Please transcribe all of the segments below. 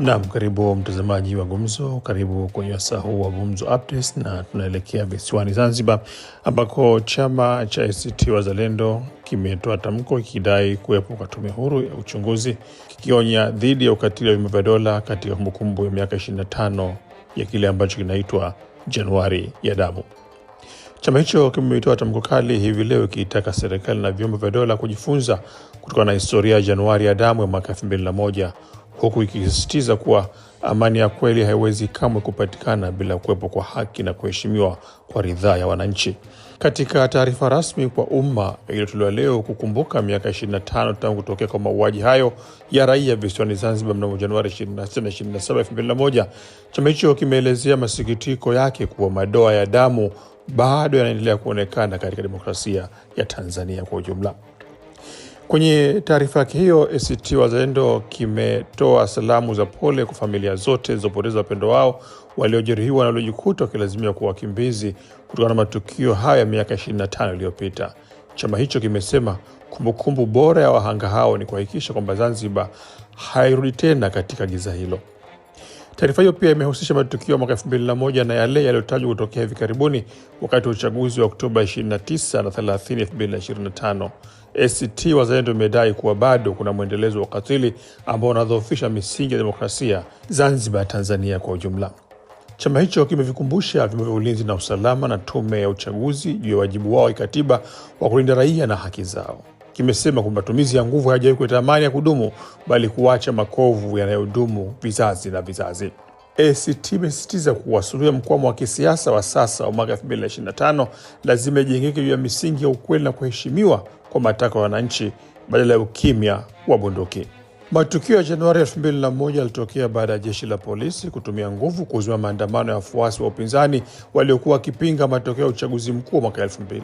Naam, karibu mtazamaji wa Gumzo, karibu kwenye wasaa huu wa Gumzo Updates, na tunaelekea visiwani Zanzibar ambako chama cha ACT Wazalendo kimetoa tamko kikidai kuwepo kwa tume huru ya uchunguzi, kikionya dhidi ya ukatili wa vyombo vya dola katika kumbukumbu ya miaka 25 ya kile ambacho kinaitwa Januari ya Damu. Chama hicho kimetoa tamko kali hivi leo ikiitaka serikali na vyombo vya dola kujifunza kutokana na historia ya Januari ya damu ya mwaka 2001 huku ikisisitiza kuwa amani ya kweli haiwezi kamwe kupatikana bila kuwepo kwa haki na kuheshimiwa kwa ridhaa ya wananchi. Katika taarifa rasmi kwa umma iliyotolewa leo kukumbuka miaka 25 tangu kutokea kwa mauaji hayo ya raia visiwani Zanzibar mnamo Januari 26 na 27, 2001, chama hicho kimeelezea masikitiko yake kuwa madoa ya damu bado yanaendelea kuonekana katika demokrasia ya Tanzania kwa ujumla. Kwenye taarifa yake hiyo, ACT Wazalendo kimetoa salamu za pole kwa familia zote zilizopoteza wapendo wao waliojeruhiwa na waliojikuta wakilazimia kuwa wakimbizi kutokana na matukio hayo ya miaka 25 iliyopita. Chama hicho kimesema kumbukumbu bora ya wahanga hao ni kuhakikisha kwamba Zanzibar hairudi tena katika giza hilo. Taarifa hiyo pia imehusisha matukio ya mwaka 2001 na yale yaliyotajwa kutokea hivi karibuni wakati wa uchaguzi wa Oktoba 29 na 30, 2025. ACT Wazalendo imedai kuwa bado kuna mwendelezo wa ukatili ambao unadhoofisha misingi ya demokrasia Zanzibar, Tanzania kwa ujumla. Chama hicho kimevikumbusha vyombo vya ulinzi na usalama na tume ya uchaguzi juu ya wajibu wao kikatiba wa kulinda raia na haki zao kimesema kwamba matumizi ya nguvu hayajawahi kuleta amani ya kudumu, bali kuacha makovu yanayodumu vizazi na vizazi. ACT imesisitiza kuwa suluhu ya mkwamo wa kisiasa wa sasa wa mwaka 2025 lazima ijengeke juu ya misingi ya ukweli na kuheshimiwa kwa matakwa ya wananchi badala ya ukimya wa bunduki. Matukio ya Januari 2001 yalitokea baada ya jeshi la polisi kutumia nguvu kuzuia maandamano ya wafuasi wa upinzani waliokuwa wakipinga matokeo ya uchaguzi mkuu wa mwaka 2000.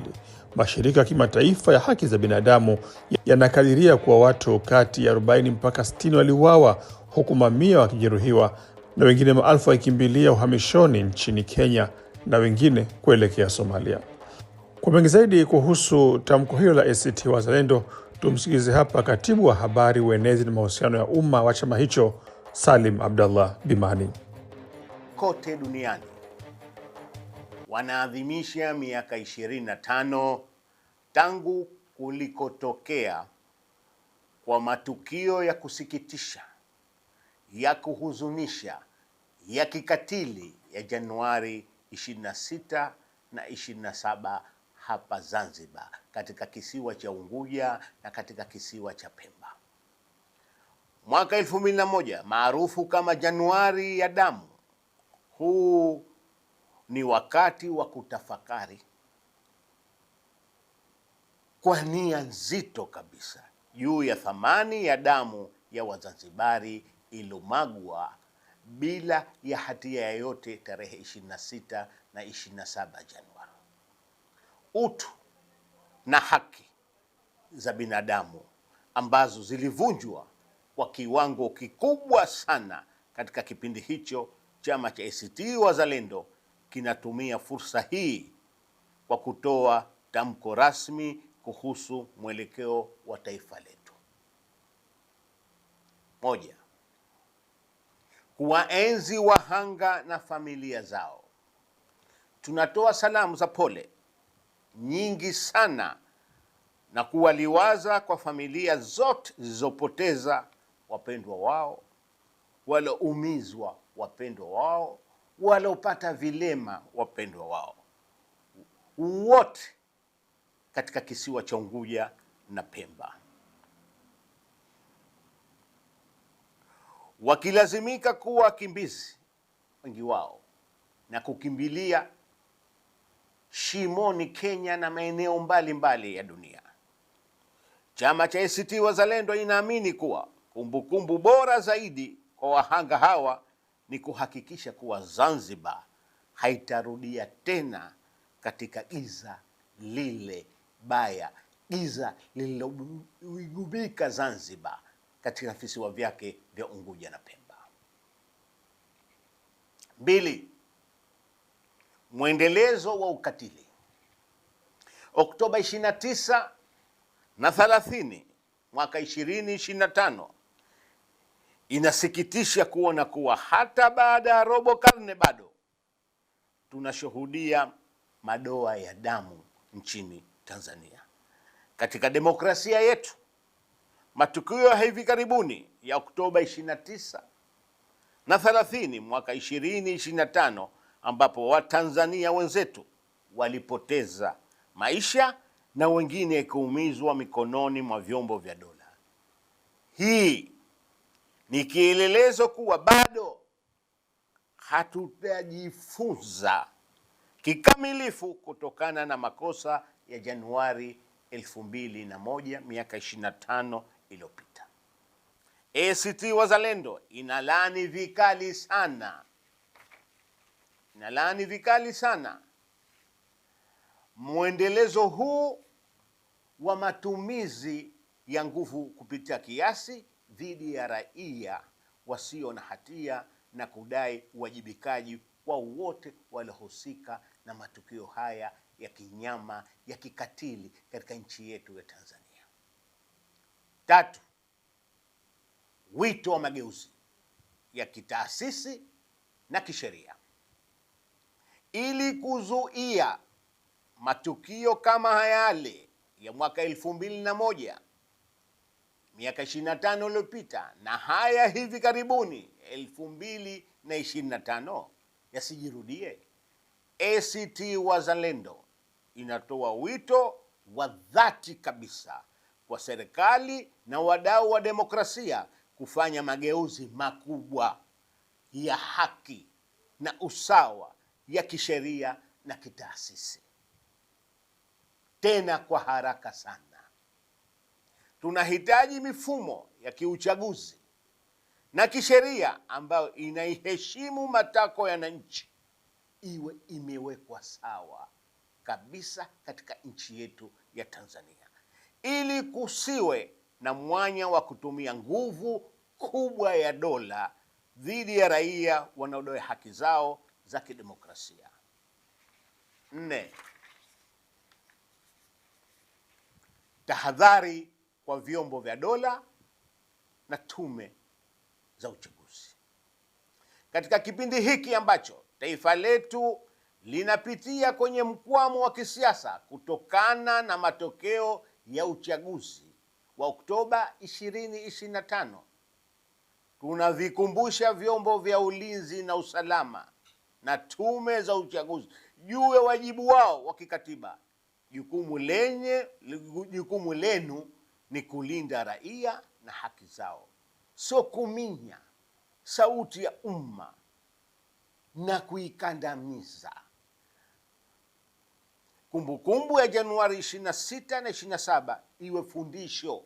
Mashirika ya kimataifa ya haki za binadamu yanakadiria kuwa watu kati ya 40 mpaka 60 waliuawa huku mamia wakijeruhiwa na wengine maelfu wakikimbilia uhamishoni nchini Kenya na wengine kuelekea Somalia. Kwa mengi zaidi kuhusu tamko hilo la ACT Wazalendo Tumsikilize hapa katibu wa habari, uenezi na mahusiano ya umma wa chama hicho Salim Abdallah Bimani. Kote duniani wanaadhimisha miaka 25 tangu kulikotokea kwa matukio ya kusikitisha ya kuhuzunisha ya kikatili ya Januari 26 na 27 hapa Zanzibar, katika kisiwa cha Unguja na katika kisiwa cha Pemba. Mwaka elfu mbili na moja maarufu kama Januari ya Damu, huu ni wakati wa kutafakari kwa nia nzito kabisa juu ya thamani ya damu ya Wazanzibari ilomagwa bila ya hatia yoyote tarehe 26 na 27 Januari utu na haki za binadamu ambazo zilivunjwa kwa kiwango kikubwa sana katika kipindi hicho. Chama cha ACT Wazalendo kinatumia fursa hii kwa kutoa tamko rasmi kuhusu mwelekeo wa taifa letu. Moja, kuwaenzi wahanga na familia zao. Tunatoa salamu za pole nyingi sana na kuwaliwaza kwa familia zote zilizopoteza wapendwa wao, walioumizwa wapendwa wao, waliopata vilema wapendwa wao, wote katika kisiwa cha Unguja na Pemba, wakilazimika kuwa wakimbizi wengi wao na kukimbilia Shimoni Kenya na maeneo mbalimbali ya dunia. Chama cha ACT Wazalendo inaamini kuwa kumbukumbu kumbu bora zaidi kwa wahanga hawa ni kuhakikisha kuwa Zanzibar haitarudia tena katika giza lile baya, giza lililoigubika Zanzibar katika visiwa vyake vya Unguja na Pemba. Mbili, mwendelezo wa ukatili. Oktoba 29 na 30 mwaka 2025, inasikitisha kuona kuwa hata baada ya robo karne bado tunashuhudia madoa ya damu nchini Tanzania. Katika demokrasia yetu, matukio ya hivi karibuni ya Oktoba 29 na 30 mwaka 2025 ambapo Watanzania wenzetu walipoteza maisha na wengine kuumizwa mikononi mwa vyombo vya dola. Hii ni kielelezo kuwa bado hatutajifunza kikamilifu kutokana na makosa ya Januari 2001 miaka 25 iliyopita. ACT Wazalendo inalani vikali sana laani vikali sana mwendelezo huu wa matumizi ya nguvu kupitia kiasi dhidi ya raia wasio na hatia na kudai uwajibikaji kwa wote waliohusika na matukio haya ya kinyama ya kikatili katika nchi yetu ya Tanzania. Tatu, wito wa mageuzi ya kitaasisi na kisheria ili kuzuia matukio kama yale ya mwaka elfu mbili na moja miaka 25 iliyopita na haya hivi karibuni tano yasijirudie. ACT Wazalendo inatoa wito wa dhati kabisa kwa serikali na wadau wa demokrasia kufanya mageuzi makubwa ya haki na usawa ya kisheria na kitaasisi, tena kwa haraka sana. Tunahitaji mifumo ya kiuchaguzi na kisheria ambayo inaiheshimu matakwa ya wananchi iwe imewekwa sawa kabisa katika nchi yetu ya Tanzania, ili kusiwe na mwanya wa kutumia nguvu kubwa ya dola dhidi ya raia wanaodai haki zao za kidemokrasia. Nne, tahadhari kwa vyombo vya dola na tume za uchaguzi katika kipindi hiki ambacho taifa letu linapitia kwenye mkwamo wa kisiasa kutokana na matokeo ya uchaguzi wa Oktoba 2025, tunavikumbusha vyombo vya ulinzi na usalama na tume za uchaguzi juu ya wajibu wao wa kikatiba. Jukumu lenye jukumu lenu ni kulinda raia na haki zao, sio kuminya sauti ya umma na kuikandamiza. Kumbukumbu ya Januari 26 na 27 iwe fundisho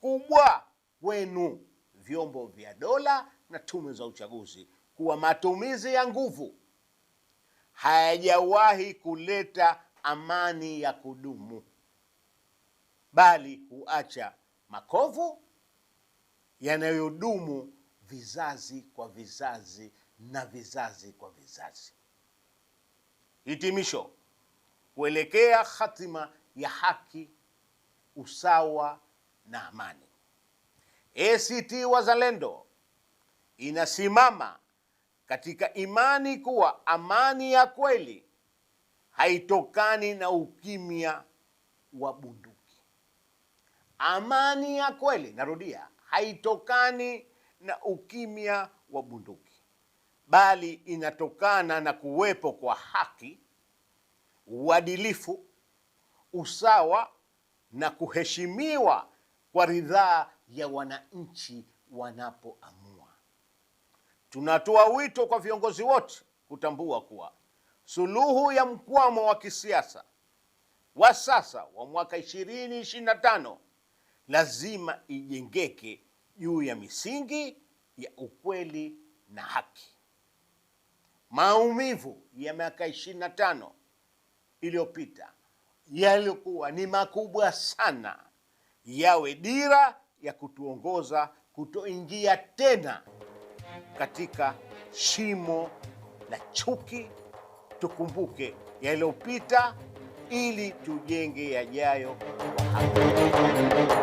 kubwa kwenu, vyombo vya dola na tume za uchaguzi, kuwa matumizi ya nguvu hayajawahi kuleta amani ya kudumu, bali huacha makovu yanayodumu vizazi kwa vizazi na vizazi kwa vizazi. Hitimisho, kuelekea hatima ya haki, usawa na amani, ACT Wazalendo inasimama katika imani kuwa amani ya kweli haitokani na ukimya wa bunduki. Amani ya kweli, narudia, haitokani na ukimya wa bunduki, bali inatokana na kuwepo kwa haki, uadilifu, usawa na kuheshimiwa kwa ridhaa ya wananchi wanapoamua. Tunatoa wito kwa viongozi wote kutambua kuwa suluhu ya mkwamo wa kisiasa wa sasa wa mwaka 2025 lazima ijengeke juu ya misingi ya ukweli na haki. Maumivu ya miaka 25 iliyopita yaliyokuwa ni makubwa sana yawe dira ya kutuongoza kutoingia tena katika shimo la chuki. Tukumbuke yaliyopita ili tujenge yajayo kwa